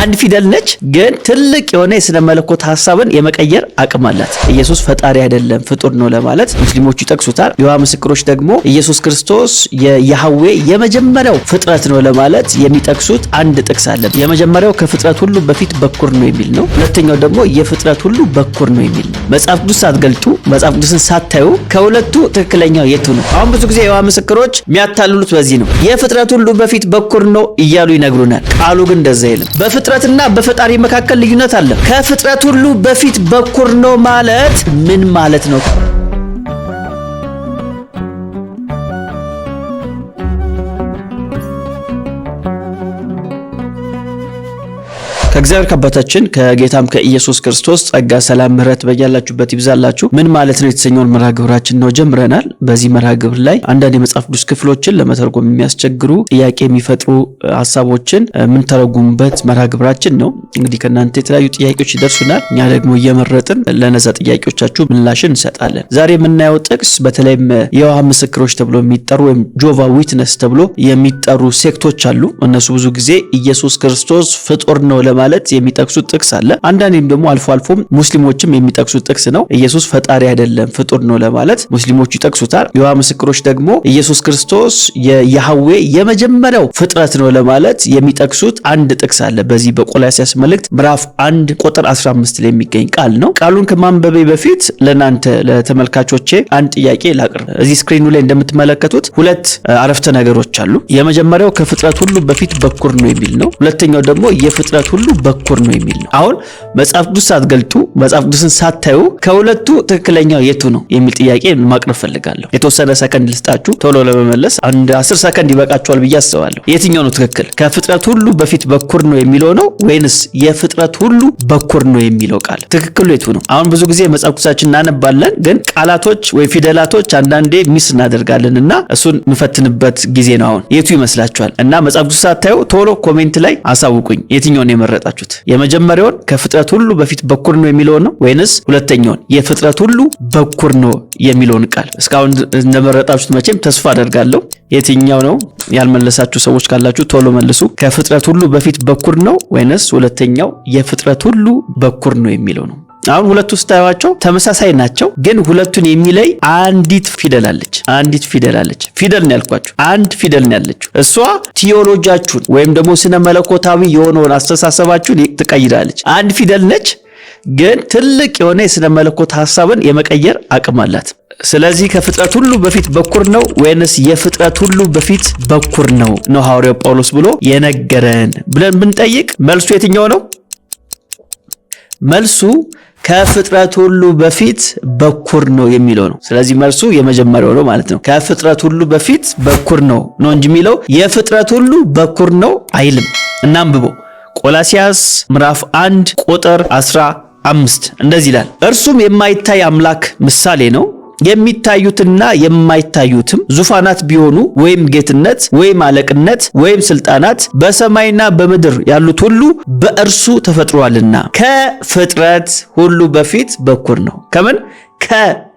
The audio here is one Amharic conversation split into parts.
አንድ ፊደል ነች፣ ግን ትልቅ የሆነ የስነ መለኮት ሀሳብን የመቀየር አቅም አላት። ኢየሱስ ፈጣሪ አይደለም ፍጡር ነው ለማለት ሙስሊሞቹ ይጠቅሱታል። የይሖዋ ምስክሮች ደግሞ ኢየሱስ ክርስቶስ የያህዌ የመጀመሪያው ፍጥረት ነው ለማለት የሚጠቅሱት አንድ ጥቅስ አለን። የመጀመሪያው ከፍጥረት ሁሉ በፊት በኩር ነው የሚል ነው። ሁለተኛው ደግሞ የፍጥረት ሁሉ በኩር ነው የሚል ነው። መጽሐፍ ቅዱስ ሳትገልጡ መጽሐፍ ቅዱስን ሳታዩ ከሁለቱ ትክክለኛው የቱ ነው? አሁን ብዙ ጊዜ የይሖዋ ምስክሮች የሚያታልሉት በዚህ ነው። የፍጥረት ሁሉ በፊት በኩር ነው እያሉ ይነግሩናል። ቃሉ ግን እንደዛ የለም። በፍጥረትና በፈጣሪ መካከል ልዩነት አለ። ከፍጥረት ሁሉ በፊት በኩር ነው ማለት ምን ማለት ነው? ከእግዚአብሔር ከአባታችን ከጌታም ከኢየሱስ ክርስቶስ ጸጋ፣ ሰላም፣ ምሕረት በያላችሁበት ይብዛላችሁ። ምን ማለት ነው የተሰኘውን መርሃ ግብራችን ነው ጀምረናል። በዚህ መርሃ ግብር ላይ አንዳንድ የመጽሐፍ ቅዱስ ክፍሎችን ለመተርጎም የሚያስቸግሩ ጥያቄ የሚፈጥሩ ሀሳቦችን የምንተረጉሙበት መርሃ ግብራችን ነው። እንግዲህ ከእናንተ የተለያዩ ጥያቄዎች ይደርሱናል። እኛ ደግሞ እየመረጥን ለነዛ ጥያቄዎቻችሁ ምላሽን እንሰጣለን። ዛሬ የምናየው ጥቅስ በተለይም የውሃ ምስክሮች ተብሎ የሚጠሩ ወይም ጆቫ ዊትነስ ተብሎ የሚጠሩ ሴክቶች አሉ። እነሱ ብዙ ጊዜ ኢየሱስ ክርስቶስ ፍጡር ነው ለማለት በማለት የሚጠቅሱት ጥቅስ አለ። አንዳንዴም ደግሞ አልፎ አልፎም ሙስሊሞችም የሚጠቅሱት ጥቅስ ነው። ኢየሱስ ፈጣሪ አይደለም ፍጡር ነው ለማለት ሙስሊሞቹ ይጠቅሱታል። የይሖዋ ምስክሮች ደግሞ ኢየሱስ ክርስቶስ የያህዌ የመጀመሪያው ፍጥረት ነው ለማለት የሚጠቅሱት አንድ ጥቅስ አለ። በዚህ በቆላሲያስ መልእክት ምዕራፍ 1 ቁጥር 15 ላይ የሚገኝ ቃል ነው። ቃሉን ከማንበቤ በፊት ለእናንተ ለተመልካቾቼ አንድ ጥያቄ ላቅርብ። እዚህ ስክሪኑ ላይ እንደምትመለከቱት ሁለት አረፍተ ነገሮች አሉ። የመጀመሪያው ከፍጥረት ሁሉ በፊት በኩር ነው የሚል ነው። ሁለተኛው ደግሞ የፍጥረት ሁሉ በኩር ነው የሚል ነው። አሁን መጽሐፍ ቅዱስ ሳትገልጡ መጽሐፍ ቅዱስን ሳታዩ ከሁለቱ ትክክለኛው የቱ ነው የሚል ጥያቄ ማቅረብ ፈልጋለሁ። የተወሰነ ሰከንድ ልስጣችሁ፣ ቶሎ ለመመለስ አንድ አስር ሰከንድ ይበቃችኋል ብዬ አስባለሁ። የትኛው ነው ትክክል? ከፍጥረት ሁሉ በፊት በኩር ነው የሚለው ነው ወይንስ የፍጥረት ሁሉ በኩር ነው የሚለው ቃል ትክክሉ የቱ ነው? አሁን ብዙ ጊዜ መጽሐፍ ቅዱሳችን እናነባለን፣ ግን ቃላቶች ወይ ፊደላቶች አንዳንዴ ሚስ እናደርጋለን እና እሱን የምፈትንበት ጊዜ ነው። አሁን የቱ ይመስላችኋል? እና መጽሐፍ ቅዱስ ሳታዩ ቶሎ ኮሜንት ላይ አሳውቁኝ የትኛውን የመረ የመረጣችሁት? የመጀመሪያውን ከፍጥረት ሁሉ በፊት በኩር ነው የሚለውን ነው ወይንስ ሁለተኛውን የፍጥረት ሁሉ በኩር ነው የሚለውን ቃል? እስካሁን እንደመረጣችሁት መቼም ተስፋ አደርጋለሁ። የትኛው ነው ያልመለሳችሁ ሰዎች ካላችሁ ቶሎ መልሱ። ከፍጥረት ሁሉ በፊት በኩር ነው ወይንስ ሁለተኛው የፍጥረት ሁሉ በኩር ነው የሚለው ነው? አሁን ሁለቱ ስታዩቸው ተመሳሳይ ናቸው፣ ግን ሁለቱን የሚለይ አንዲት ፊደል አለች። አንዲት ፊደል አለች። ፊደል ነው ያልኳችሁ፣ አንድ ፊደል ነው ያለችው። እሷ ቲዮሎጂያችሁን ወይም ደግሞ ስነ መለኮታዊ የሆነውን አስተሳሰባችሁን ትቀይራለች። አንድ ፊደል ነች፣ ግን ትልቅ የሆነ የስነ መለኮት ሀሳብን የመቀየር አቅም አላት። ስለዚህ ከፍጥረት ሁሉ በፊት በኩር ነው ወይንስ የፍጥረት ሁሉ በፊት በኩር ነው ነው ሐዋርያው ጳውሎስ ብሎ የነገረን ብለን ብንጠይቅ መልሱ የትኛው ነው? መልሱ ከፍጥረት ሁሉ በፊት በኩር ነው የሚለው ነው። ስለዚህ መልሱ የመጀመሪያው ነው ማለት ነው። ከፍጥረት ሁሉ በፊት በኩር ነው ነው እንጂ የሚለው የፍጥረት ሁሉ በኩር ነው አይልም። እናንብቦ ቆላሲያስ ምዕራፍ 1 ቁጥር 15 እንደዚህ ይላል፣ እርሱም የማይታይ አምላክ ምሳሌ ነው የሚታዩትና የማይታዩትም ዙፋናት ቢሆኑ ወይም ጌትነት ወይም አለቅነት ወይም ስልጣናት በሰማይና በምድር ያሉት ሁሉ በእርሱ ተፈጥሯልና ከፍጥረት ሁሉ በፊት በኩር ነው። ከምን ከ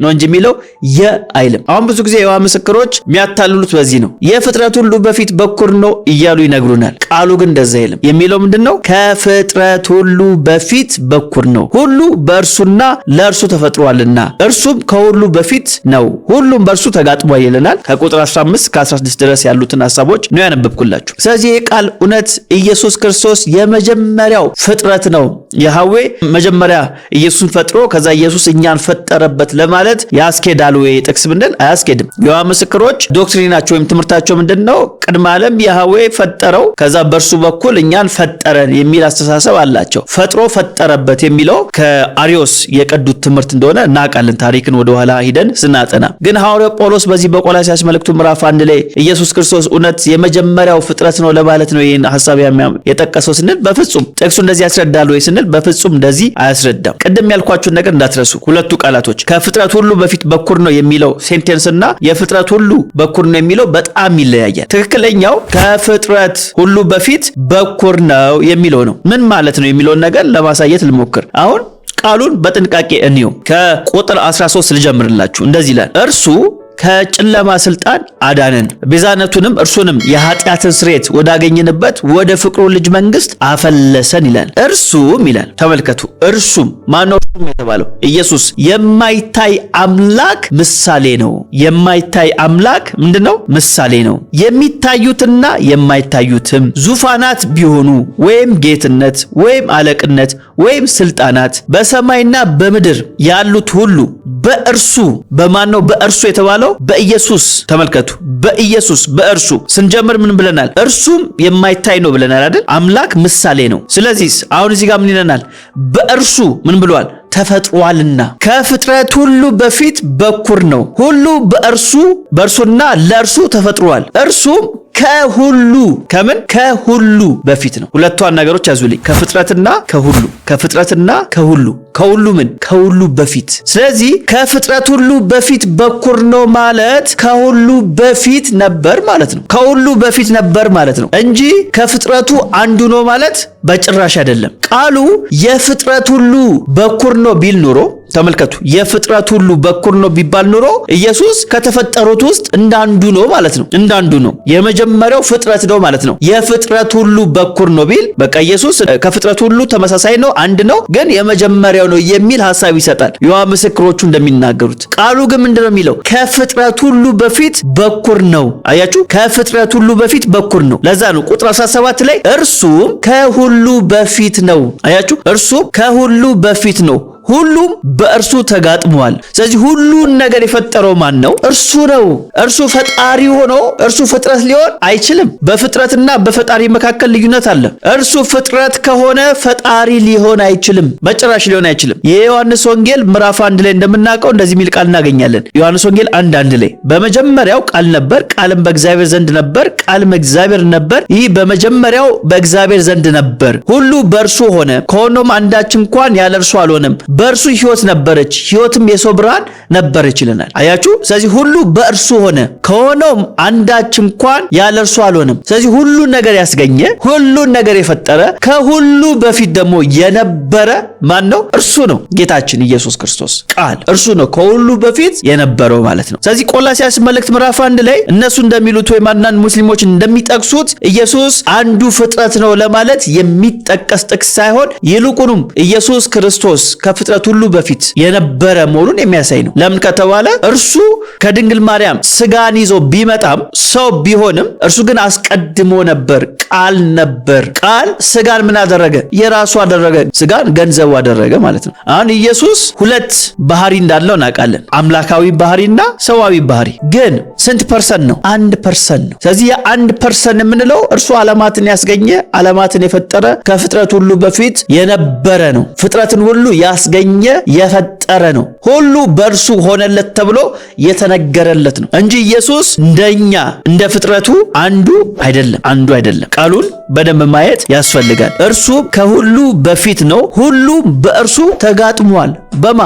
ነው እንጂ የሚለው የ አይልም። አሁን ብዙ ጊዜ የዋ ምስክሮች የሚያታልሉት በዚህ ነው። የፍጥረት ሁሉ በፊት በኩር ነው እያሉ ይነግሩናል። ቃሉ ግን እንደዛ አይልም። የሚለው ምንድን ነው? ከፍጥረት ሁሉ በፊት በኩር ነው፣ ሁሉ በእርሱና ለእርሱ ተፈጥሯልና እርሱም ከሁሉ በፊት ነው፣ ሁሉም በእርሱ ተጋጥሟል ይለናል። ከቁጥር 15 ከ16 ድረስ ያሉትን ሀሳቦች ነው ያነበብኩላችሁ። ስለዚህ ይህ ቃል እውነት ኢየሱስ ክርስቶስ የመጀመሪያው ፍጥረት ነው። የሐዌ መጀመሪያ ኢየሱስን ፈጥሮ ከዛ ኢየሱስ እኛን ፈጠረበት ለማለት ማለት ያስኬዳል ወይ ጥቅስ ብንል አያስኬድም። የዋ ምስክሮች ዶክትሪናቸው ወይም ትምህርታቸው ምንድን ነው? ቅድመ ዓለም ያህዌ ፈጠረው፣ ከዛ በእርሱ በኩል እኛን ፈጠረን የሚል አስተሳሰብ አላቸው። ፈጥሮ ፈጠረበት የሚለው ከአሪዮስ የቀዱት ትምህርት እንደሆነ እናውቃለን፣ ታሪክን ወደኋላ ሂደን ስናጠና። ግን ሐዋርያው ጳውሎስ በዚህ በቆላሲያስ መልእክቱ ምዕራፍ አንድ ላይ ኢየሱስ ክርስቶስ እውነት የመጀመሪያው ፍጥረት ነው ለማለት ነው ይህን ሀሳብ የጠቀሰው ስንል በፍጹም ጥቅሱ እንደዚህ ያስረዳል ወይ ስንል በፍጹም እንደዚህ አያስረዳም። ቅድም ያልኳችሁን ነገር እንዳትረሱ። ሁለቱ ቃላቶች ከፍጥረቱ ሁሉ በፊት በኩር ነው የሚለው ሴንቴንስ እና የፍጥረት ሁሉ በኩር ነው የሚለው በጣም ይለያያል። ትክክለኛው ከፍጥረት ሁሉ በፊት በኩር ነው የሚለው ነው። ምን ማለት ነው የሚለውን ነገር ለማሳየት ልሞክር አሁን ቃሉን በጥንቃቄ እንየው። ከቁጥር 13 ልጀምርላችሁ። እንደዚህ ይላል እርሱ ከጨለማ ስልጣን አዳነን፣ ቤዛነቱንም እርሱንም የኃጢአትን ስርየት ወዳገኘንበት ወደ ፍቅሩ ልጅ መንግስት አፈለሰን ይላል። እርሱም ይላል ተመልከቱ። እርሱም ማነው? እርሱም የተባለው ኢየሱስ የማይታይ አምላክ ምሳሌ ነው። የማይታይ አምላክ ምንድን ነው? ምሳሌ ነው። የሚታዩትና የማይታዩትም ዙፋናት ቢሆኑ ወይም ጌትነት ወይም አለቅነት ወይም ስልጣናት በሰማይና በምድር ያሉት ሁሉ በእርሱ በማን ነው? በእርሱ የተባለው የሚለው በኢየሱስ ተመልከቱ፣ በኢየሱስ በእርሱ ስንጀምር ምን ብለናል? እርሱም የማይታይ ነው ብለናል አይደል? አምላክ ምሳሌ ነው። ስለዚህ አሁን እዚህ ጋር ምን ይለናል? በእርሱ ምን ብሏል? ተፈጥሯልና ከፍጥረት ሁሉ በፊት በኩር ነው። ሁሉ በእርሱ በእርሱና ለእርሱ ተፈጥሯል። እርሱም ከሁሉ ከምን ከሁሉ በፊት ነው። ሁለቷን ነገሮች ያዙልኝ፣ ከፍጥረትና ከሁሉ ከፍጥረትና ከሁሉ ከሁሉ ምን ከሁሉ በፊት። ስለዚህ ከፍጥረት ሁሉ በፊት በኩር ነው ማለት ከሁሉ በፊት ነበር ማለት ነው። ከሁሉ በፊት ነበር ማለት ነው እንጂ ከፍጥረቱ አንዱ ነው ማለት በጭራሽ አይደለም። ቃሉ የፍጥረት ሁሉ በኩር ነው ቢል ኑሮ ተመልከቱ የፍጥረት ሁሉ በኩር ነው ቢባል ኑሮ ኢየሱስ ከተፈጠሩት ውስጥ እንዳንዱ ነው ማለት ነው። እንዳንዱ ነው የመጀመሪያው ፍጥረት ነው ማለት ነው። የፍጥረት ሁሉ በኩር ነው ቢል በቃ ኢየሱስ ከፍጥረት ሁሉ ተመሳሳይ ነው፣ አንድ ነው፣ ግን የመጀመሪያው ነው የሚል ሀሳብ ይሰጣል። የዋ ምስክሮቹ እንደሚናገሩት ቃሉ ግን ምንድን ነው የሚለው? ከፍጥረት ሁሉ በፊት በኩር ነው። አያችሁ፣ ከፍጥረት ሁሉ በፊት በኩር ነው። ለዛ ነው ቁጥር 17 ላይ እርሱም ከሁሉ በፊት ነው። አያችሁ፣ እርሱም ከሁሉ በፊት ነው ሁሉም በእርሱ ተጋጥሟል። ስለዚህ ሁሉን ነገር የፈጠረው ማን ነው? እርሱ ነው። እርሱ ፈጣሪ ሆኖ እርሱ ፍጥረት ሊሆን አይችልም። በፍጥረትና በፈጣሪ መካከል ልዩነት አለ። እርሱ ፍጥረት ከሆነ ፈጣሪ ሊሆን አይችልም፣ በጭራሽ ሊሆን አይችልም። የዮሐንስ ወንጌል ምዕራፍ አንድ ላይ እንደምናውቀው እንደዚህ የሚል ቃል እናገኛለን። ዮሐንስ ወንጌል አንድ አንድ ላይ በመጀመሪያው ቃል ነበር፣ ቃልም በእግዚአብሔር ዘንድ ነበር፣ ቃልም እግዚአብሔር ነበር። ይህ በመጀመሪያው በእግዚአብሔር ዘንድ ነበር። ሁሉ በእርሱ ሆነ፣ ከሆኖም አንዳች እንኳን ያለ እርሱ አልሆነም። በእርሱ ህይወት ነበረች፣ ህይወትም የሰው ብርሃን ነበረች ይለናል። አያችሁ። ስለዚህ ሁሉ በእርሱ ሆነ፣ ከሆነውም አንዳች እንኳን ያለ እርሱ አልሆነም። ስለዚህ ሁሉን ነገር ያስገኘ፣ ሁሉን ነገር የፈጠረ፣ ከሁሉ በፊት ደግሞ የነበረ ማን ነው? እርሱ ነው። ጌታችን ኢየሱስ ክርስቶስ ቃል እርሱ ነው፣ ከሁሉ በፊት የነበረው ማለት ነው። ስለዚህ ቆላሲያስ መልእክት ምዕራፍ አንድ ላይ እነሱ እንደሚሉት ወይም አንዳንድ ሙስሊሞች እንደሚጠቅሱት ኢየሱስ አንዱ ፍጥረት ነው ለማለት የሚጠቀስ ጥቅስ ሳይሆን ይልቁንም ኢየሱስ ክርስቶስ ፍጥረት ሁሉ በፊት የነበረ መሆኑን የሚያሳይ ነው። ለምን ከተባለ እርሱ ከድንግል ማርያም ስጋን ይዞ ቢመጣም ሰው ቢሆንም እርሱ ግን አስቀድሞ ነበር። ቃል ነበር። ቃል ስጋን ምን አደረገ? የራሱ አደረገ። ስጋን ገንዘቡ አደረገ ማለት ነው። አሁን ኢየሱስ ሁለት ባህሪ እንዳለው እናውቃለን። አምላካዊ ባህሪና ሰዋዊ ባህሪ። ግን ስንት ፐርሰንት ነው? አንድ ፐርሰንት ነው። ስለዚህ የአንድ ፐርሰንት የምንለው እርሱ ዓለማትን ያስገኘ ዓለማትን የፈጠረ ከፍጥረት ሁሉ በፊት የነበረ ነው። ፍጥረትን ሁሉ ያስ ስላስገኘ የሰጠ የፈጠረ ነው፣ ሁሉ በእርሱ ሆነለት ተብሎ የተነገረለት ነው እንጂ ኢየሱስ እንደኛ እንደ ፍጥረቱ አንዱ አይደለም፣ አንዱ አይደለም። ቃሉን በደንብ ማየት ያስፈልጋል። እርሱ ከሁሉ በፊት ነው፣ ሁሉ በእርሱ ተጋጥሟል። በማ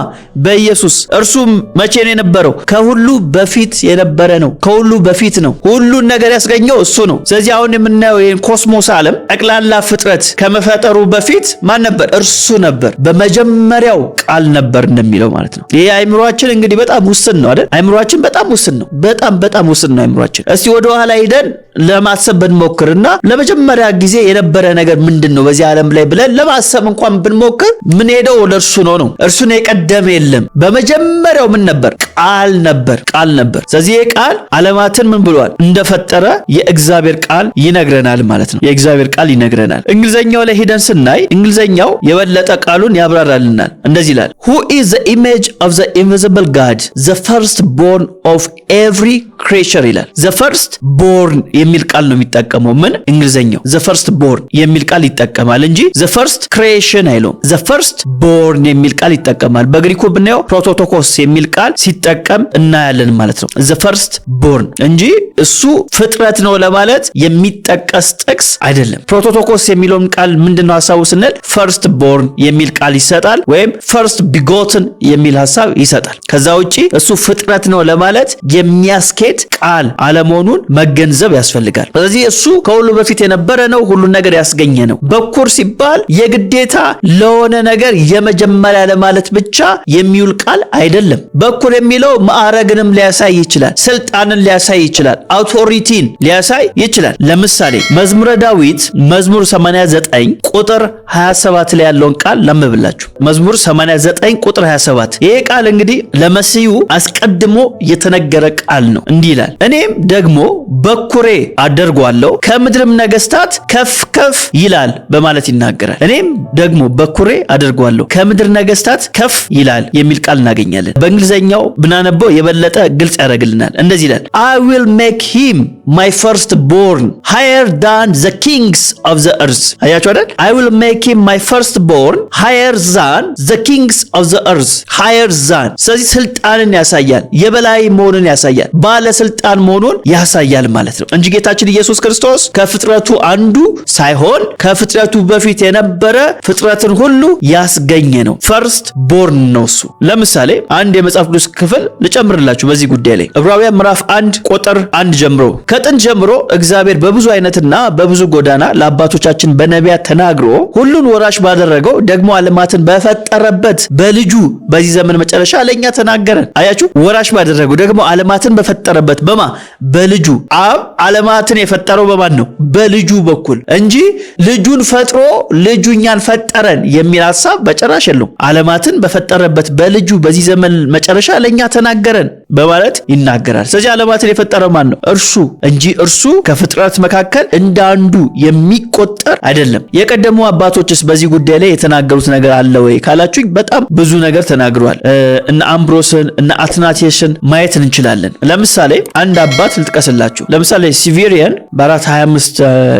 በኢየሱስ እርሱ መቼ ነው የነበረው? ከሁሉ በፊት የነበረ ነው። ከሁሉ በፊት ነው። ሁሉን ነገር ያስገኘው እሱ ነው። ስለዚህ አሁን የምናየው ይህን ኮስሞስ ዓለም ጠቅላላ ፍጥረት ከመፈጠሩ በፊት ማን ነበር? እርሱ ነበር። በመጀመሪያው ቃል ነበር እንደሚ የሚለው ማለት ነው። ይሄ አይምሯችን እንግዲህ በጣም ውስን ነው አይደል? አይምሯችን በጣም ውስን ነው። በጣም በጣም ውስን ነው አይምሯችን። እስቲ ወደ ኋላ ሂደን ለማሰብ ብንሞክርና ለመጀመሪያ ጊዜ የነበረ ነገር ምንድን ነው በዚህ ዓለም ላይ ብለን ለማሰብ እንኳን ብንሞክር ምን ሄደው ለእርሱ ነው ነው እርሱን የቀደመ የለም። በመጀመሪያው ምን ነበር? ቃል ነበር ቃል ነበር። ስለዚህ ይሄ ቃል ዓለማትን ምን ብሏል እንደፈጠረ የእግዚአብሔር ቃል ይነግረናል ማለት ነው። የእግዚአብሔር ቃል ይነግረናል። እንግሊዘኛው ላይ ሂደን ስናይ እንግሊዘኛው የበለጠ ቃሉን ያብራራልናል። እንደዚህ ይላል ሁ ኢዝ ዘ ኢሜጅ ኦፍ ዘ ኢንቪዚብል ጋድ ዘ ፈርስት ቦርን ኦፍ ኤቭሪ ክሬቸር ይላል። ዘ ፈርስት ቦርን የሚል ቃል ነው የሚጠቀመው ምን እንግሊዘኛው ዘ ፈርስት ቦርን የሚል ቃል ይጠቀማል እንጂ ዘ ፈርስት ክሬሽን አይለውም። ዘ ፈርስት ቦርን የሚል ቃል ይጠቀማል። በግሪኩ ብናየው ፕሮቶቶኮስ የሚል ቃል ሲጠቀም እናያለን ማለት ነው። ዘ ፈርስት ቦርን እንጂ እሱ ፍጥረት ነው ለማለት የሚጠቀስ ጥቅስ አይደለም። ፕሮቶቶኮስ የሚለውን ቃል ነው ሀሳቡ ስንል ፈርስት ቦርን የሚል ቃል ይሰጣል፣ ወይም ፈርስት ቢጎትን የሚል ሀሳብ ይሰጣል። ከዛ ውጪ እሱ ፍጥረት ነው ለማለት የሚያስኬድ ቃል አለመሆኑን መገንዘብ ያስፈልጋል። ስለዚህ እሱ ከሁሉ በፊት የነበረ ነው፣ ሁሉን ነገር ያስገኘ ነው። በኩር ሲባል የግዴታ ለሆነ ነገር የመጀመሪያ ለማለት ብቻ የሚውል ቃል አይደለም። በኩር የሚ የሚለው ማዕረግንም ሊያሳይ ይችላል፣ ስልጣንን ሊያሳይ ይችላል፣ አውቶሪቲን ሊያሳይ ይችላል። ለምሳሌ መዝሙረ ዳዊት መዝሙር 89 ቁጥር 27 ላይ ያለውን ቃል ለምብላችሁ መዝሙር 89 ቁጥር 27 ይሄ ቃል እንግዲህ ለመሲሁ አስቀድሞ የተነገረ ቃል ነው። እንዲህ ይላል፣ እኔም ደግሞ በኩሬ አደርጓለሁ ከምድርም ነገስታት ከፍ ከፍ ይላል በማለት ይናገራል። እኔም ደግሞ በኩሬ አደርጓለሁ ከምድር ነገስታት ከፍ ይላል የሚል ቃል እናገኛለን። በእንግሊዝኛው ብናነበው የበለጠ ግልጽ ያደርግልናል። እንደዚህ ይላል አይ ዊል ሜክ ሂም ማይ ፈርስት ቦርን ሃየር ዳን ዘ ኪንግስ ኦፍ ዘ እርዝ። አያችሁ አይደል? አይ ዊል ሜክ ሂም ማይ ፈርስት ቦርን ሃየር ዛን ዘ ኪንግስ ኦፍ ዘ እርዝ ሃየር ዛን። ስለዚህ ስልጣንን ያሳያል፣ የበላይ መሆኑን ያሳያል፣ ባለስልጣን መሆኑን ያሳያል ማለት ነው እንጂ ጌታችን ኢየሱስ ክርስቶስ ከፍጥረቱ አንዱ ሳይሆን ከፍጥረቱ በፊት የነበረ ፍጥረትን ሁሉ ያስገኘ ነው። ፈርስት ቦርን ነው እሱ። ለምሳሌ አንድ የመጽሐፍ ቅዱስ ክፍል ክፍል ልጨምርላችሁ በዚህ ጉዳይ ላይ ዕብራውያን ምዕራፍ አንድ ቁጥር አንድ ጀምሮ ከጥንት ጀምሮ እግዚአብሔር በብዙ አይነትና በብዙ ጎዳና ለአባቶቻችን በነቢያት ተናግሮ ሁሉን ወራሽ ባደረገው ደግሞ ዓለማትን በፈጠረበት በልጁ በዚህ ዘመን መጨረሻ ለእኛ ተናገረን። አያችሁ፣ ወራሽ ባደረገው ደግሞ ዓለማትን በፈጠረበት በማ በልጁ አብ ዓለማትን የፈጠረው በማን ነው? በልጁ በኩል እንጂ ልጁን ፈጥሮ ልጁ እኛን ፈጠረን የሚል ሀሳብ በጭራሽ የለውም። ዓለማትን በፈጠረበት በልጁ በዚህ ዘመን መጨረሻ ለእኛ ተናገረን በማለት ይናገራል። ስለዚህ ዓለማትን የፈጠረው ማን ነው? እርሱ እንጂ እርሱ ከፍጥረት መካከል እንዳንዱ የሚቆጠር አይደለም። የቀደሙ አባቶችስ በዚህ ጉዳይ ላይ የተናገሩት ነገር አለ ወይ ካላችሁኝ በጣም ብዙ ነገር ተናግሯል እነ አምብሮስን እነ አትናቴሽን ማየት እንችላለን። ለምሳሌ አንድ አባት ልጥቀስላችሁ። ለምሳሌ ሲቪሪየን በአራት 25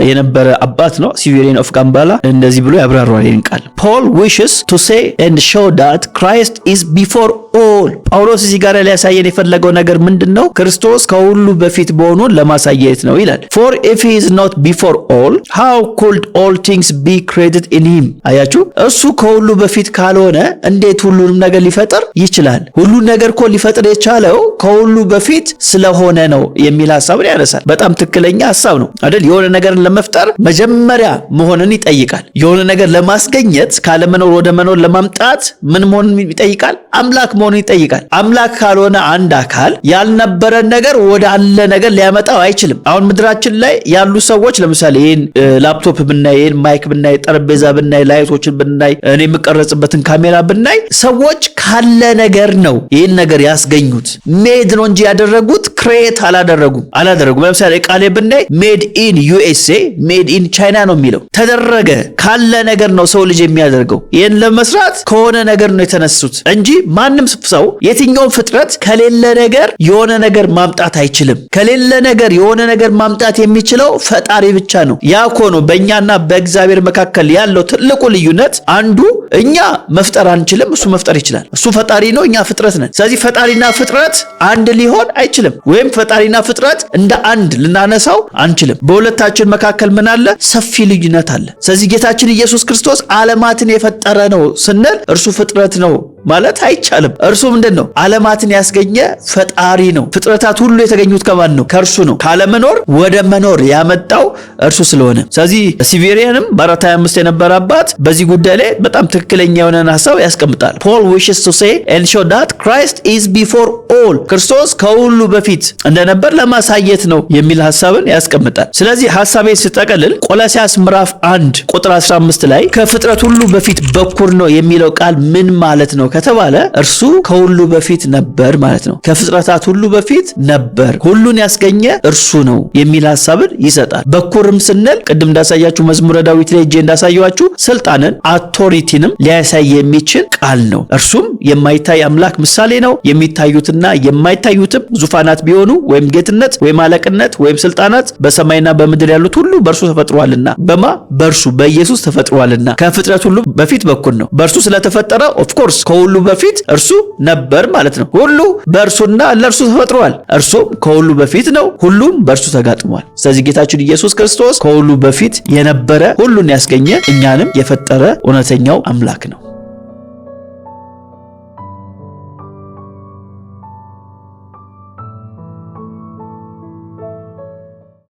የነበረ አባት ነው። ሲቬሪየን ኦፍ ጋምባላ እንደዚህ ብሎ ያብራሯል ይህን ቃል ፖል ዊሽስ ቱ ሴ ኤንድ ሾው ዳት ክራይስት ኢዝ ቢፎር ኦል ጳውሎስ እዚህ ጋር ሊያሳየን የፈለገው ነገር ምንድን ነው? ክርስቶስ ከሁሉ በፊት መሆኑን ለማሳየት ነው ይላል። ፎር ኢፍ ሂ ኢዝ ኖት ቢፎር ኦል ሃው ኩድ ኦል ቲንግስ ቢ ክሬትድ ኢን ሂም። አያችሁ፣ እሱ ከሁሉ በፊት ካልሆነ እንዴት ሁሉንም ነገር ሊፈጥር ይችላል? ሁሉን ነገር እኮ ሊፈጥር የቻለው ከሁሉ በፊት ስለሆነ ነው የሚል ሀሳብን ያነሳል። በጣም ትክክለኛ ሀሳብ ነው አይደል? የሆነ ነገርን ለመፍጠር መጀመሪያ መሆንን ይጠይቃል። የሆነ ነገር ለማስገኘት ካለመኖር ወደ መኖር ለማምጣት ምን መሆንን ይጠይቃል? አምላክ መሆኑን ይጠይቃል። አምላክ ካልሆነ አንድ አካል ያልነበረን ነገር ወደ አለ ነገር ሊያመጣው አይችልም። አሁን ምድራችን ላይ ያሉ ሰዎች ለምሳሌ ይህን ላፕቶፕ ብናይ፣ ይህን ማይክ ብናይ፣ ጠረጴዛ ብናይ፣ ላይቶችን ብናይ፣ እኔ የምቀረጽበትን ካሜራ ብናይ ሰዎች ካለ ነገር ነው ይህን ነገር ያስገኙት። ሜድ ነው እንጂ ያደረጉት ክሬት አላደረጉም አላደረጉም። ለምሳሌ ቃሌ ብናይ ሜድ ኢን ዩኤስኤ ሜድ ኢን ቻይና ነው የሚለው ተደረገ ካለ ነገር ነው ሰው ልጅ የሚያደርገው። ይህን ለመስራት ከሆነ ነገር ነው የተነሱት እንጂ ማንም ሰው የትኛውም ፍጥረት ከሌለ ነገር የሆነ ነገር ማምጣት አይችልም። ከሌለ ነገር የሆነ ነገር ማምጣት የሚችለው ፈጣሪ ብቻ ነው። ያ እኮ ነው በእኛና በእግዚአብሔር መካከል ያለው ትልቁ ልዩነት። አንዱ እኛ መፍጠር አንችልም፣ እሱ መፍጠር ይችላል። እሱ ፈጣሪ ነው፣ እኛ ፍጥረት ነን። ስለዚህ ፈጣሪና ፍጥረት አንድ ሊሆን አይችልም፣ ወይም ፈጣሪና ፍጥረት እንደ አንድ ልናነሳው አንችልም። በሁለታችን መካከል ምን አለ? ሰፊ ልዩነት አለ። ስለዚህ ጌታችን ኢየሱስ ክርስቶስ ዓለማትን የፈጠረ ነው ስንል እርሱ ፍጥረት ነው ማለት አይቻልም። እርሱ ምንድን ነው? ዓለማትን ያስገኘ ፈጣሪ ነው። ፍጥረታት ሁሉ የተገኙት ከማን ነው? ከእርሱ ነው። ካለመኖር ወደ መኖር ያመጣው እርሱ ስለሆነ ስለዚህ ሲቬሪያንም በአራት 25 የነበረ አባት በዚህ ጉዳይ ላይ በጣም ትክክለኛ የሆነን ሀሳብ ያስቀምጣል። ፖል ዊሽስ ቱ ሴይ ኤንድ ዳት ክራይስት ኢዝ ቢፎር ኦል ክርስቶስ ከሁሉ በፊት እንደነበር ለማሳየት ነው የሚል ሀሳብን ያስቀምጣል። ስለዚህ ሀሳቤ ስጠቀልል ቆላሲያስ ምዕራፍ 1 ቁጥር 15 ላይ ከፍጥረት ሁሉ በፊት በኩር ነው የሚለው ቃል ምን ማለት ነው ከተባለ እርሱ ከሁሉ በፊት ነበር ማለት ነው። ከፍጥረታት ሁሉ በፊት ነበር፣ ሁሉን ያስገኘ እርሱ ነው የሚል ሀሳብን ይሰጣል። በኩርም ስንል ቅድም እንዳሳያችሁ መዝሙረ ዳዊት ላይ እጄ እንዳሳያችሁ ስልጣንን አውቶሪቲንም ሊያሳይ የሚችል ቃል ነው። እርሱም የማይታይ አምላክ ምሳሌ ነው። የሚታዩትና የማይታዩትም ዙፋናት ቢሆኑ ወይም ጌትነት ወይም አለቅነት ወይም ስልጣናት በሰማይና በምድር ያሉት ሁሉ በእርሱ ተፈጥሯልና በማ በእርሱ በኢየሱስ ተፈጥሯልና ከፍጥረት ሁሉ በፊት በኩል ነው። በእርሱ ስለተፈጠረ ኦፍኮርስ ከሁሉ በፊት እርሱ ነበር ማለት ነው። ሁሉ በእርሱና ለእርሱ ተፈጥሯል፣ እርሱም ከሁሉ በፊት ነው፣ ሁሉም በእርሱ ተጋጥሟል። ስለዚህ ጌታችን ኢየሱስ ክርስቶስ ከሁሉ በፊት የነበረ ሁሉን ያስገኘ እኛንም የፈጠረ እውነተኛው አምላክ ነው።